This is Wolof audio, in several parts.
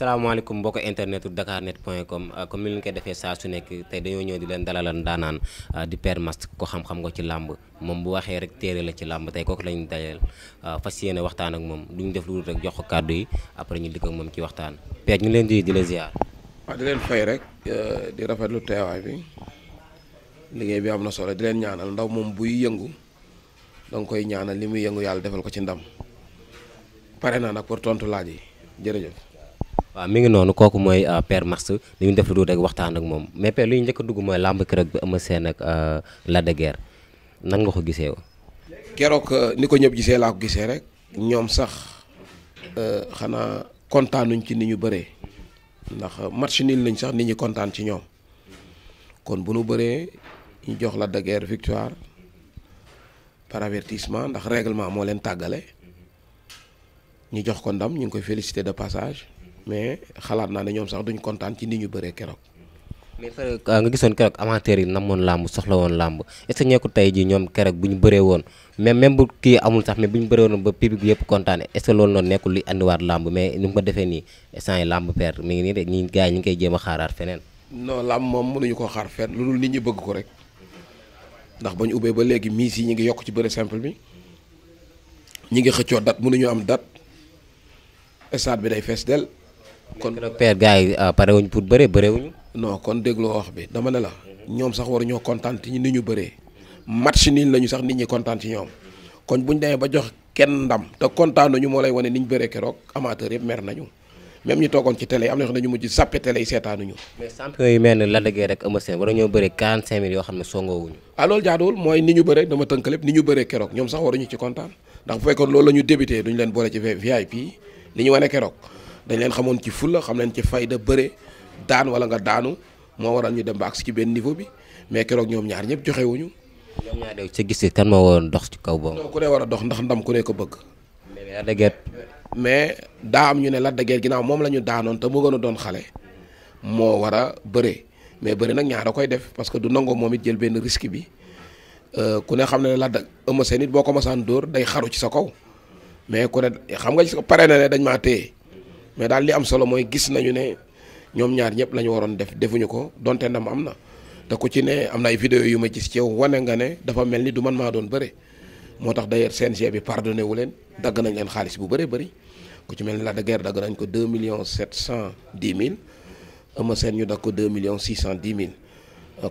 salaamaaleykum mbokk internet dakar net point com euh, comme ni ñu koy defee saa su nekk tey dañoo ñëw di leen dalalan daanaan euh, di Père Max ko xam-xam nga ci làmb moom bu waxee rek téere la ci làmb tey kooku lañu dajal euh, fas yéene waxtaan ak moom duñu def lu rek jox ko kàddu yi après ñu dikk ak moom ci waxtaan Père ñu leen di di la ziar. waaw di leen fay rek di rafetlu teewaay bi liggéey bi am na solo di leen ñaanal ndaw moom buy yëngu da nga koy ñaanal li muy yëngu yàlla defal ko ci ndam pare naa nag pour tontu laaj yi jërëjëf. waaw mi ngi noonu kooku mooy euh, Père Max dañu def lu dul rek waxtaan ak moom mais Père li ñu njëkk dugg mooy làmb keroog bi a Sène ak euh, Lac de Guiers nga ko gisee woon. keroog euh, ni ko ñëpp gisee laa ko gisee rek ñoom sax xanaa kontaanuñ ci ni ñu bëree ndax match nul lañ sax nit ñi kontaan ci ñoom kon bu nu bëree ñu jox Lac de Guiers victoire par avertissement ndax règlement moo leen tàggale ñu jox ko ndam ñu ngi koy féliciter de passage. mais xalaat naa ne ñoom sax duñ kontaan ci ni ñu bëree keroog. mais ah, nga gisoon keroog amateur yi namoon làmb soxla woon làmb est ñeeku tey jii ñoom keroog bu ñu bëree woon mais même bu kii amul sax mais bu ñu bëree woon ba public yëpp kontaane est ce que loolu noonu nekkul li andiwaat làmb mais nii instant yi làmb per mi ngi nii de ñi gars yi ñu ngi koy jéem a moom mënuñu ko xaar fenn lu dul nit ñi bëgg ko rek ndax ubbee ba léegi miis yi ñu ngi yokk ci bëre simple ñi ngi xëccoo dat mënuñu am dat bi day fees del kon nag père gars yi euh, pare wuñ pour bëree bëree wuñu non kon dégloo wax bi dama ne la. ñoom sax war ñoo kontaan ci ni ñu bëree. match niil lañu sax nit ñi kontaan ci ñoom. kon bu ñu demee ba jox kenn ndam te kontaan nañu moo lay wane ni ñu bëree keroog amateur yëpp mer nañu. même ñi toogoon ci télé yi ñu mujj sàppe télé yi seetaanuñu. mais champion yi mel ne Lac de Guiers rek Eumeu Sène war ñoo bëre 45 xam ne songoowuñu. ah loolu jaaduwul mooy ni ñu bëre dama tënk lépp ni ñu bëree keroog ñoom sax waruñu ci kontaan ndax bu fekkoon loolu la ñu débuté duñu leen boole ci VIP li ñu wane keroog dañ leen xamoon ci fulla xam leen ci fayda bëre daan wala nga daanu moo waral ñu dem ba agsi ci benn niveau bi mais keroog ñoom ñaar ñëpp joxewuñu wuñu. ñoom ñaar de sa gis kan moo waroon dox ci kaw boobu. ku ne war a dox ndax ndam ku ne ko bëgg. mais daa am ñu ne Lac de Guiers moom la ñu daanoon te mu gën a doon xale moo war a bëre mais bëre nag ñaar a koy def parce que du nangoo moom it jël benn risque bi euh, ku ne xam ne Lac de Eumeu Sène it boo ko masaan dóor day xaru ci sa kaw mais ku ne xam nga ci pare na ne dañ maa téye mais daal li am solo mooy gis nañu ne ñoom ñaar ñëpp lañu waroon def defuñu ko donte ndam am na te ku ci ne am na ay vidéo yu ma gis ci yow wane nga ne dafa mel ni du man maa doon bëre moo tax d'ailleurs CNG bi pardonné wu leen dagg nañ leen xaalis bu bëree bëri ku ci mel ni la de guerre dagg nañ ko 2 millions 710 mille ama Sène ñu dagg ko 2 millions 610 mille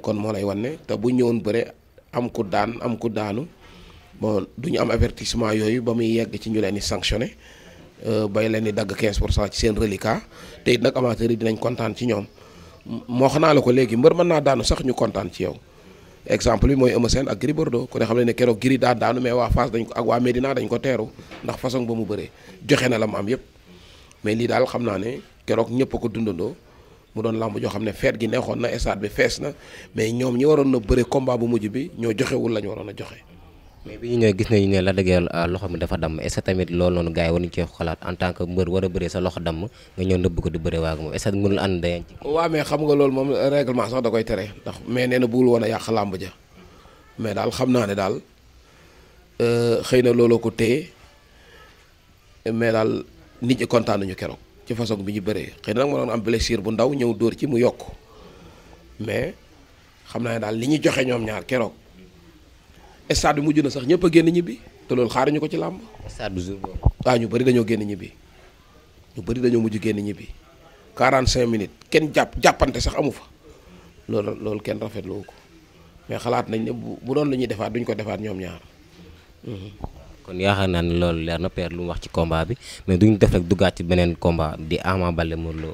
kon moo lay wan ne te bu ñëwoon bëre am ku daan am ku daanu bon du ñu am avertissement yooyu ba muy yegg ci ñu leen di sanctionné Euh, bay leen di dagg 15 pour cent ci seen reliquat te it nag amateurs yi dinañ kontaan ci ñoom moo xanaa naa la ko léegi mbër mën naa daanu sax ñu kontaan ci yow exemple bi mooy Eumeu Sène ak Gris Bordeaux ku ne xam ne ne keroog Gris daa daanu mais waa Fass dañ ko ak waa Médina dañ ko teeru ndax façon ba mu bëree joxe na la mu am yëpp mais lii daal xam naa ne keroog ñëpp ko dundandoo mu doon làmb joo xam ne feet gi neexoon na stade bi fees na mais ñoom ñi waroon na bëre combat bu mujj bi ñoo joxewul la waroon a joxe mais bi ñu ñëwee gis nañu ne la dëgg euh, loxo mi dafa damm est ce que tamit loolu noonu gars yi waruñu cee xalaat en tant mbër war a bëree sa loxo damm nga ñëw nëbb ko di bëree waag moom nga loolu moom règlement sax koy tere ndax mais nee na bugul woon a yàq làmb ja mais daal xam naa ne daal euh, xëy na looloo ko téye mais daal nit ñi kontaan nañu keroog ci façon bi ñu bëree xëy na nag ma doon am blessure bu ndaw ñëw dóor ci mu yokk mais xam naa ne daal li ñu joxe ñoom ñaar keroog stade bi mujj na sax ñëpp a génn ñibbi te loolu ñu ko ci làmb. stade du jour boobu. waaw ah, ñu bëri dañoo génn ñibbi ñu bëri dañoo mujj génn ñibbi 45 minutes kenn jàpp jàppante sax amu fa loolu loolu kenn rafetlu wu ko mais xalaat nañ ne bu doon lu ñuy defaat duñ ko defaat ñoom ñaar. Mhm. kon yaakaar naa ne loolu leer na père lu mu wax ci combat bi mais duñ def rek duggaat ci beneen combat di Ama Baldé Modou Lô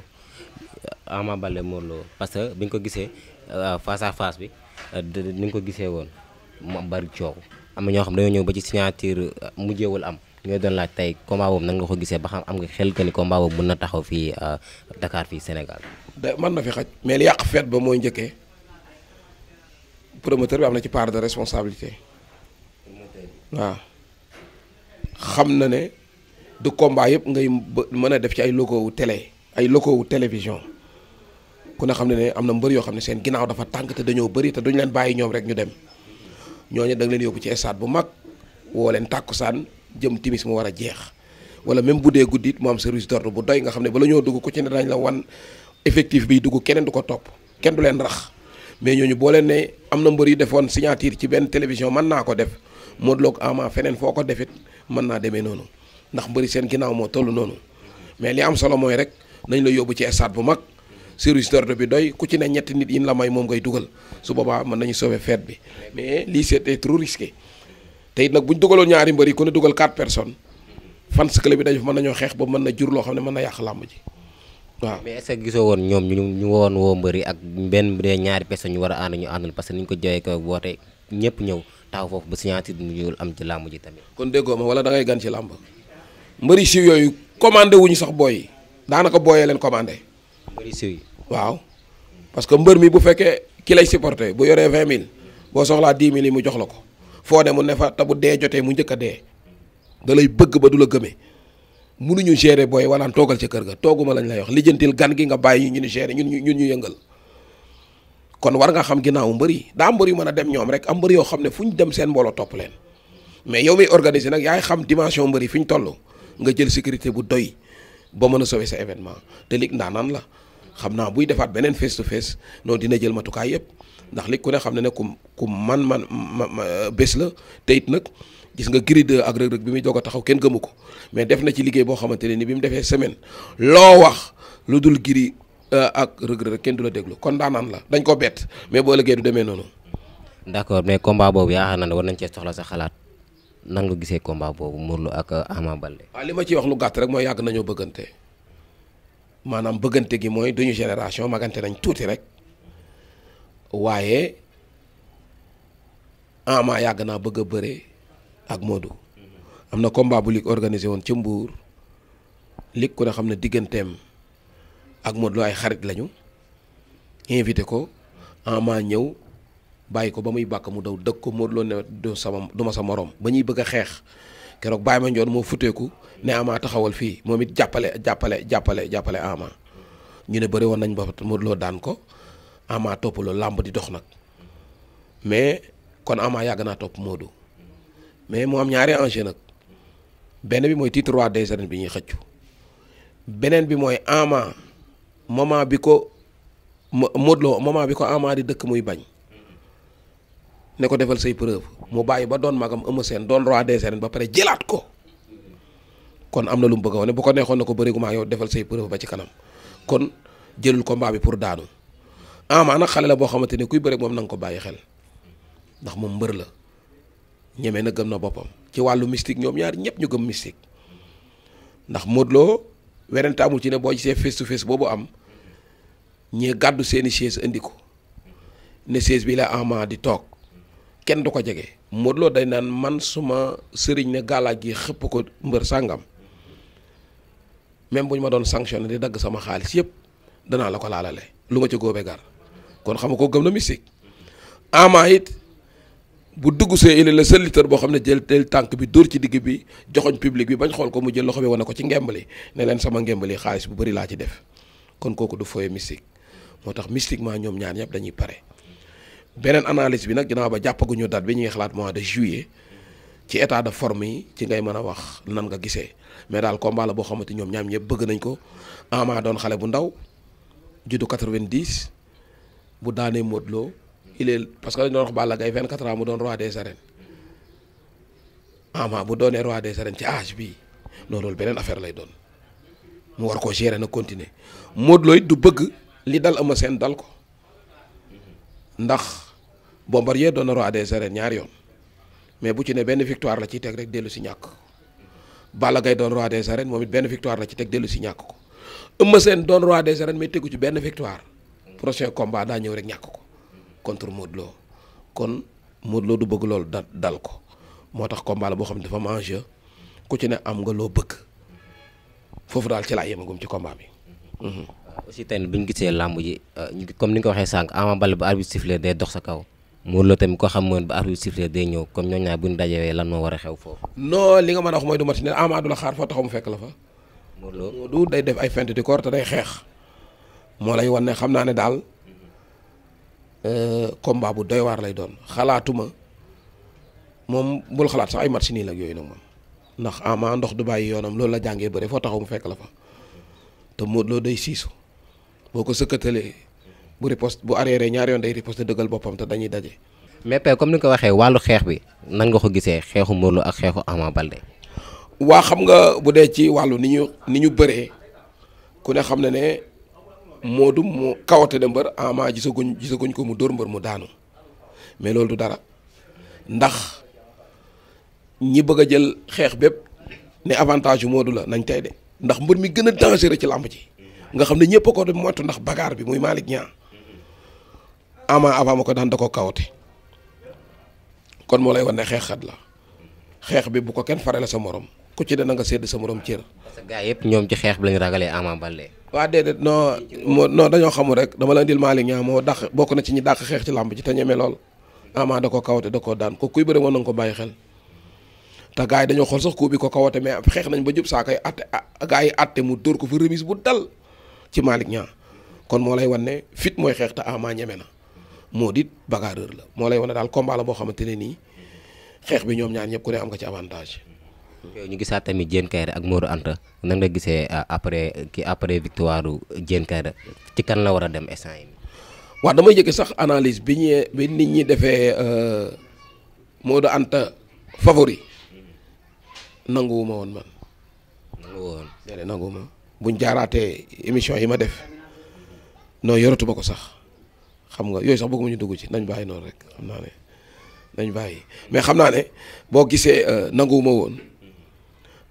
Ama Baldé Modou Lô parce que bi ñu ko gisee euh, face à face bi euh, ni nga ko gisee woon mu bari coow am na ñoo xam dañoo ñëw ba ci signature uh, mujjeewul am ñoo doon laaj tey combat boobu nan nga ko gisee ba xam am nga xel ko ni combat boobu mën na taxaw fii uh, dakaar fii Sénégal. da mën na fi xaj mais li yàq feet ba mooy njëkkee promoteur bi am na ci part de responsabilité. waaw xam na ne du combat yëpp ngay mën a def ci ay logo wu télé ay logo wu télévision ku ne xam ne ne am na mbër yoo xam ne seen ginnaaw dafa tànk te dañoo bari te duñ leen bàyyi ñoom rek ñu dem. ñooñu da nga leen yóbbu ci stade bu mag woo leen tàkkusaan jëm timis mu war a jeex wala même bu dee guddi it mu am service d'ordre bu doy nga xam ne bala ñoo dugg ku ci ne dañ la wan effectif bi dugg keneen du ko topp kenn du leen rax mais ñooñu boo leen ne am na mbër yu defoon signature ci benn télévision mën naa ko def Modou Lo ak Ama feneen foo ko defit mën naa demee noonu ndax mbëri seen ginnaaw moo toll noonu mais li am solo mooy rek nañ la yóbbu ci stade bu mag. service d'ordre bi doy ku ci ne ñetti nit yi la may moom ngay dugal su boobaa mën nañu sauver feet bi mais lii c'était trop risqué te it nag bu ñu dugaloon ñaari mbër yi ku ne dugal quatre personnes fans club bi dañu mën nañoo xeex ba mën na jur loo xam ne mën na yàq làmb ji mais est-ce woon ñoom ñu ñu woon woo mbër yi ak benn ñaari personnes ñu war a àndal parce que ni ko jooyee ko woote ñëpp ñëw taxaw foofu ba signature ñu am ci làmb ji tamit. kon déggoo ma wala da ngay gan ci làmb mbëri si yooyu commandé wuñu sax booy yi daanaka booyee leen commandé waaw parce que mbër mi bu fekkee ki lay supporté bu yoree vingt mille boo soxlaa dix mille yi mu jox la ko foo ne mu ne fa te bu dee jotee mu njëkk a dee da lay bëgg ba du la gëmee mënuñu gérer booy walaan toogal ci kër ga tooguma lañ lay wax lijjantil gan gi nga bàyyi ñu ñu gérer ñun ñu ñun ñu yëngal kon war ngaa xam ginnaaw mbër yi daa mbër yu mën a dem ñoom rek am mbër yoo xam ne fu ñu dem seen mbooloo topp leen mais yow miy organiser nag yaay xam dimension mbër yi ñu toll nga jël sécurité bu doy ba mën a sauver sa événement te lig ndaanaan la xam naa buy defaat beneen face to face noonu dina jël matukaay yëpp ndax li ku ne xam ne ne ku ku man man bés la te it nag gis nga Gris 2 ak Reug Reug muy doog a taxaw kenn gëmu ko mais def na ci liggéey boo xamante ne ni bi mu defee loo wax lu dul Gris ak Reug Reug kenn du la déglu kon daanaan la dañ ko bett mais boo liggéey du demee noonu. d'accord mais combat boobu yaakaar naa ne war nañ cee soxla sa xalaat. nan nga gisee combat boobu Modou Lô ak Ama Baldé. waaw li ma ciy wax lu gàtt rek mooy yàgg nañoo bëggante. maanaam bëggante gi mooy duñu génération magante nañ tuuti rek waaye Ama yàgg naa bëgg a bëree ak Modou am na combat bu lig organisé woon ci Mbour lig ko ne xam ne digganteem ak Modou Lo ay xarit lañu invité ko Ama ñëw bàyyi ko ba muy bàkk mu daw dëkk ko Modou Lo du sama du ma sa moroom ba ñuy bëgg a xeex keroog baay Baye Mandione moo futeeku ne Ama taxawal fii moom it jàppale jàppale jàppale jàppale Ama ñu ne bëri woon nañ ba Modou Lo daan ko Ama topp loolu làmb di dox nag mais kon Ama yàgg naa topp Modou mais moo am ñaari enjeu nag benn bi mooy titre roi des arènes bi ñuy xëccu beneen bi mooy Ama moment bi ko Modou Lo moment bi ko Ama di dëkk muy bañ ne ko defal say preuve mu bàyyi ba doon magam Eumeu seen doon roi des arènes ba pare jëlaat ko kon am na lu mu bëgg a wane bu ko neexoon na ko bëreegu maa yow defal say preuve ba ci kanam kon jëlul combat bi pour daanu Ama nag xale la boo xamante ne kuy bëreeg moom na ko bàyyi xel ndax moom mbër la ñeme na gëm na boppam ci wàllu mystique ñoom ñaar ñëpp ñu gëm mystique ndax Modou Lo werante amul ci ne boo gisee face to face boobu am ñee gàddu seeni chaise indi ko ne chaise bi la Ama di toog. kenn du ko jege Modou Lo day naan man suma sëriñ ne gaalaaj gi xëpp ko mbër sàngam même bu ñu ma doon sanctionné di dagg sama xaalis yëpp danaa la ko laalale lu ma ci góobee gar kon xam nga ko gëm na mystique ama it bu dugg see il la seul lutteur boo xam ne jël teel tànk bi dóor ci digg bi joxoñ public bi bañ xool ko mu jël loxo bi wane ko ci ngembali ne leen sama ngembali xaalis bu bari laa ci def kon kooku du fooye mystique moo tax mystiquement ñoom ñaar ñëpp dañuy pare beneen analyse bi nag ginnaaw ba jàppaguñu date bi ñuy xalaat mois de juillet ci état de forme yi ci ngay mën a wax nan nga gisee mais daal combat la boo xamante ñoom ñaam ñëpp bëgg nañ ko Ama doon xale bu ndaw juddu 90 bu daanee Modou Lo parce que dañ doon wax Balla Gaye 24 mu doon roi des arènes Ama bu doonee roi des arènes ci âge bi non loolu beneen affaire lay doon mu war koo gérer na continuer Modou Lo it du bëgg li dal Eumeu Sène dal ko ndax. Bombardier doon na roi des arènes ñaari yoon mais bu ci ne benn victoire la ciy teg rek dellu si ñàkk ko Balla doon roi des arènes moom it benn victoire la ci teg dellu si ñàkk ko Eumeu Sène doon roi des arènes mais tegu ci benn victoire prochain combat daa ñëw rek ñàkk ko contre Modou Lo kon Modou Lo du bëgg loolu da dal ko moo tax combat la boo xam ne dafa am enjeu ku ci ne am nga loo bëgg foofu daal ci laa yemagum ci combat bi. aussi tey bu ñu gisee làmb yi euh, comme ni nga ko waxee sànq Ama Baldé bu arbitre sifflé day dox sa kaw. Modou Lo ko xam moom ba arbitre day ñëw comme ñooñu naa bu ñu lan moo war a xew foofu. non li nga mën a mooy du mat ne Ama du la xaar mu fekk la fa. Modou Lo du day def ay feinte di corps te xeex moo lay wan ne xam naa ne daal euh, combat bu doy lay doon xalaatuma moom bul xalaat sax ay match yi la yooyu nag moom ndax Ama ndox du bàyyi yoonam loolu la jàngee bëre foo taxaw mu fekk la fa te Modou Lo day siisu boo ko sëkkatalee. bu riposte bu arrière ñaari yoon day riposte dëggal boppam te dañuy daje. mais Père comme ni ko waxee wàllu xeex bi nan nga ko gisee xeexu Modou Lo ak xeexu Ama Baldé. waa xam nga bu dee ci wàllu ni ñu ni ñu bëree ku ne xam ne ne Modou mu kawate na mbër Ama gisaguñ gisaguñ ko mu dóor mbër mu daanu mais loolu du dara ndax ñi bëgg a jël xeex bépp ne avantage yu Modou la nañ tey de ndax mbër mi gën a dangereux ci làmb ci nga xam ne ñëpp a ko moytu ndax bagaar bi muy Malick ñaa ama avant ma ko daan da ko kon moo lay wan ne xeexat la xeex bi bu ko kenn farale sa moroom ku ci dana nga sedd sa moroom cër. parce que gars yëpp ñoom ci xeex bi lañu ragalee Ama Baldé. waa déedéet non noo dañoo xamul rek dama la indil Malick Niang moo dàq bokk na ci ñi dàq xeex ci làmb ji te ñeme lool Ama da ko kawate da daan ko kuy bëri woon na ko bàyyi xel. te gaa yi dañoo xool sax kuu bi ko kawate mais xeex nañ ba jub saako yi àtte ah, gars yi àtte mu dóor ko fa remise bu dal ci Malick Niang kon moo lay wan ne fit mooy xeex te Ama na. moo dit bagarreur la moo lay wane daal combat la boo xamante ne nii xeex bi ñoom ñaar ñëpp ku ne am nga ci avantage. ñu gisaat tamit Diène Kaïré ak Modou Anta nan nga gisee euh, après ki après victoire Diène Kaïré ci kan la war a dem instant yi. waaw damay jëkk sax analyse bi ñu bi nit defee euh, Modou Anta favori nanguwuma woon man. nanguwuma woon déedéet nanguwuma buñ jaaraatee émission yi ma def non yoratuma ko sax. xam nga yooyu sax bëgguma ñu dugg ci nañ bàyyi noonu rek xam naa ne nañ bàyyi mais xam naa ne boo gisee euh, nanguwuma woon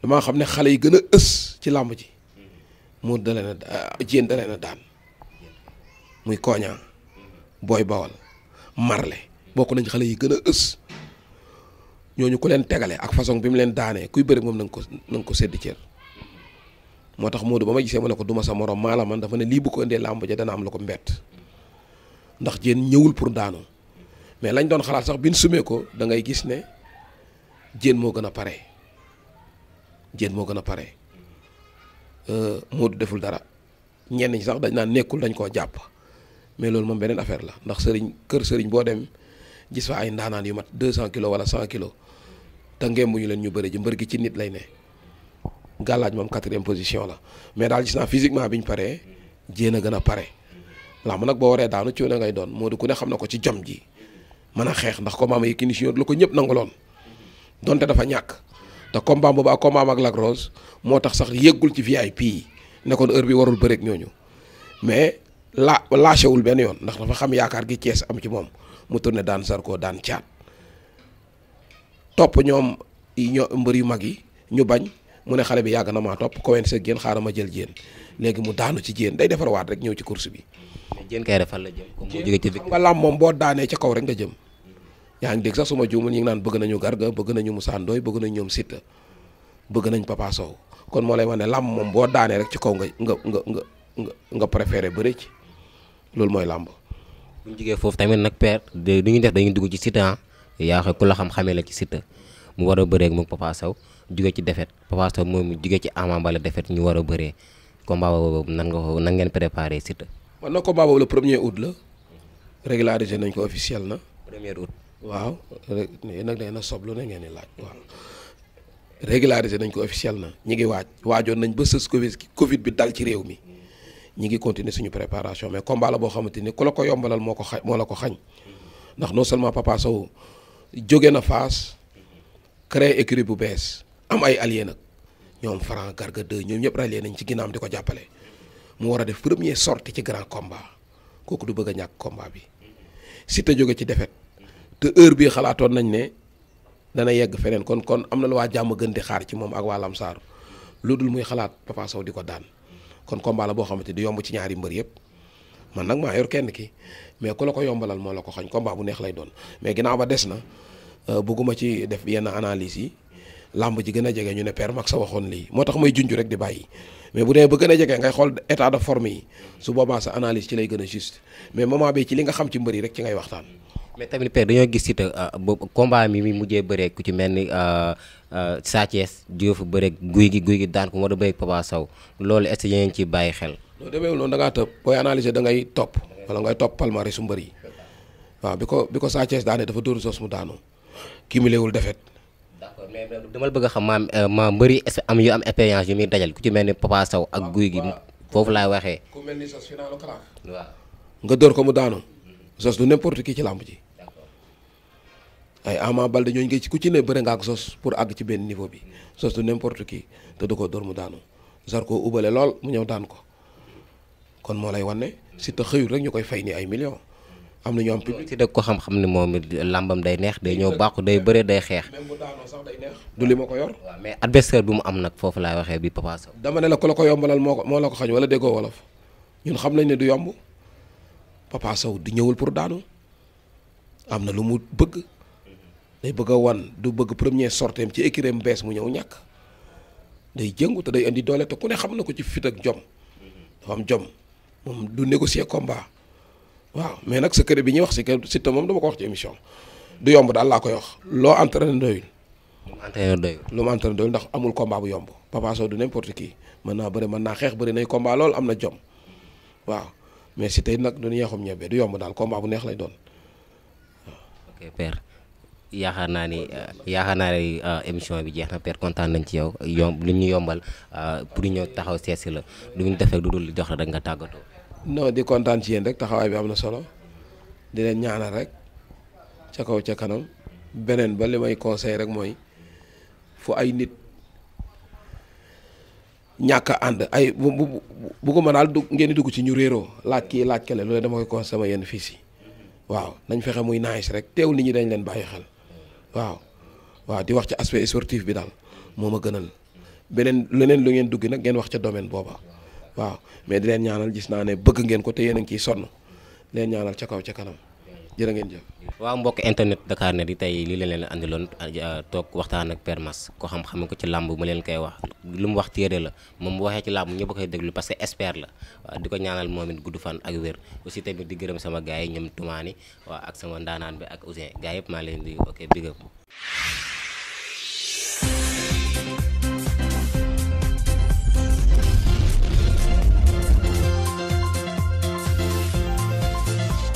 damaa xam ne xale yi gën a ës ci làmb ji moo dalee na jéen euh, dalee na daan muy Koña Boy Bawal Marle bokk nañ xale yi gën a ës ñooñu ku leen tegale ak façon bi mu leen daanee kuy bëri moom na nga ko na ko sédd cër moo tax Modou ba ma gisee ma ne ko duma sa morom maa man dafa ne lii bu ko indee làmb ja dana am la ko mbett ndax jéen ñëwul pour daanu mais lañ doon xalaat sax bin sumee ko da ngay gis ne jéen moo gën a pare jéen moo gën a pare euh, moo du deful dara ñenn ñi sax dañ naan nekkul dañ koo jàpp mais loolu moom beneen affaire la ndax sëriñ kër sëriñ boo dem gis fa ay ndaanaan yu mat cent kilos wala 100 kilos te ngembu ñu leen ñu bëri ji mbër gi ci nit lay ne gàllaaj moom quatrième position la mais daal gis naa physiquement biñ paree jéen a gën a pare làmb nag boo waree daanu ci la ngay doon moo di ku ne xam na ko ci jom ji mën a xeex ndax combat ma Yékini Junior la ko ñëpp nangaloon donte dafa ñàkk te combat boobu ak combat ak lagros moo tax sax yëggul ci VIP yi nekkoon heure bi warul bëreeg ñooñu mais laa lâché wul benn yoon ndax dafa xam yaakaar gi Thiès am ci moom mu tourné daan sarko daan caat topp ñoom ñoo mbër yu mag yi ñu bañ mu ne xale bi yàgg na maa topp Coen Seck yéen xaaral ma jël jéen léegi mu daanu ci jéen day defarwaat rek ñëw ci course bi. mais kay defal la jëm. comme mu jógee ci victoire boo daanee ca kaw rek nga jëm. yaa ngi dégg sax suma juumul ñu ngi naan bëgg nañu Garga bëgg nañu Moussa Ndoye bëgg nañ ñoom Siteu bëgg nañ Papa Sow kon moo lay wax ne làmb moom boo daanee rek ci kaw nga nga nga nga nga préféré bëri ci loolu mooy làmb. mu ñu foofu tamit nag père du ñu def dañuy dugg ci Siteu ah yaa xam ku la xam xamee la ci Siteu mu war a bëree ak moom Papa Sow jóge ci defet Papa Sow moom mu jóge ci Ama Baldé defet ñu war a bëree combat boobu nan nga ko ngeen préparé Siteu. man nag combat boobu le premier août la nañ ko officiel na. premier août. waaw yéen nag day na soblu ne ngeen di laaj waaw régularisé nañ ko officiel na ñi ngi waaj waajoon nañ ba sës Covid Covid bi dal ci réew mi ñi ngi continuer suñu préparation mais combat boo xamante ni ku la ko yombalal moo ko xa moo ko xañ ndax non seulement Papa Sow jóge na Fass créé écurie bu bees am ay alliés nag. ñoom Franc Garga 2 ñoom ñëpp rallié nañ ci ginnaam di ko jàppale mu war a def premier sortie ci grand combat kooku du bëgg a ñàkk combat bi Siteu jóge ci defet te heure bii xalaatoon nañ ne dana yegg feneen kon kon am na lu waa jàmm gën di xaar ci moom ak waa Lamsaar lu dul muy xalaat Papa Sow di ko daan kon combat la boo xamante du yomb ci ñaari mbër yëpp man nag maa yor kenn ki mais ku la ko yombalal moo la ko xañ combat bu neex lay doon mais ginnaaw ba des na euh, bëgguma ci def yenn analyse yi làmb ji gën a jege ñu ne père mag sa waxoon lii moo tax may junj rek di bàyyi mais bu dee ba gën a jege ngay xool état de forme yi su boobaa sa analyse ci lay gën a juste mais moment bi ci li nga xam ci mbëri rek ci ngay waxtaan. mais tamit père dañoo gis Siteu euh, boobu combat mi mi mujjee bëree ku ci mel ni euh, euh, Sa Thiès Diouf bëree guy gi guy gi daan ko war a bëree Papa Sow loolu est-ce que yéen ciy bàyyi xel. loolu demeewul noonu da ngaa tëb booy analyser da ngay topp wala ngay topp palmarès su mbër yi waaw bi ko bi ko Sa Thiès daanee dafa dóoru sos mu daanu cumulé wul défaite mais dama bëgg xam maam euh, ma mbëri am yu am expérience yu muy dajal ku ci mel ni Papa Sow ak guy gi foofu laay waxee. ku mel ni sos nga dóor ko mu daanu. sos du n'importe qui ci làmb ji. ay Ama Baldé ñooñu ngi ci ku ci ne bëre nga ak sos pour àgg ci benn niveau bi sos du n'importe qui te du ko dóor mu daanu Zarko ubale lool mu ñëw daan ko kon moo lay wan ne si te xëyul rek ñu koy fay ni ay million am na ñoo am public ci dëkk ko xam-xam ne moom làmbam day neex day ñëw bàqu day bëre day xeex. même du li ma ko yor. waaw mais adversaire bi mu am nag foofu laay waxee bi Papa Sow. dama ne la ku la ko yombalal moo ko moo la ko xañ wala déggoo wolof ñun xam nañ ne du yomb Papa Sow di ñëwul pour daanu am na lu mu bëgg day bëgg a wan du bëgg premier sorteem ci écurie-am bees mu ñëw ñàkk day jëngu te day indi doole te ku ne xam na ko ci fit ak jom dafa am jom moom du négocier combat. waaw mais nag secret bi ñuy wax si Siteu moom dama ko wax ci émission du yomb daal laa koy wax. loo entraîné doyul. entraîné doyul. lu mu entraîné doyul ndax amul combat bu yomb Papa Sow du n'importe qui mën naa bëri man naa xeex bëri nañ komba lool am na jom waaw mais si tey nag du ñeexum ñebe du yomb daal combat bu neex lay doon. ok père yaakaar naa ni yaakaar naa ni euh, émission bi jeex na père kontaan nañ ci yow yomb li ñu yombal euh, pour ñu ñëw taxaw seesi la du ñu defee lu dul jox la rek nga tàggatoo. non di kontaan ci yéen rek taxawaay bi am na solo di leen ñaanal rek ca kaw ca kanam beneen ba li may conseil rek mooy fu ay nit ñàkk ànd ay bu bu bu ko daal du ngeen dugg ci ñu réeroo laaj kii laaj kale loolu dama koy conseil sama yenn fii si waaw nañ fexe muy nice rek teewul nit ñi dañ leen bàyyi xel waaw waaw di wax ca aspect sportif bi daal moo ma gënal beneen leneen lu ngeen dugg nag ngeen wax ca domaine booba. waaw mais di leen ñaanal gis naa ne bëgg ngeen ko te yéen a ngi ciy sonn leen ñaanal ca kaw ca kanam jërë ngeen jëf. waaw mbokk internet Dakar ne di tey li leen leen andiloon ah, toog waxtaan ak Père Mass ko xam-xam ko ci làmb mu leen koy wax lu mu wax téere la moom mu waxee ci làmb ñëpp koy déglu parce que expert la waaw di ko ñaanal moom it gudd fan ak wér aussi tamit di gërëm sama gars yi ñoom Toumani waaw ak sama ndaanaan bi ak Ouzin gars yëpp maa leen di ok big up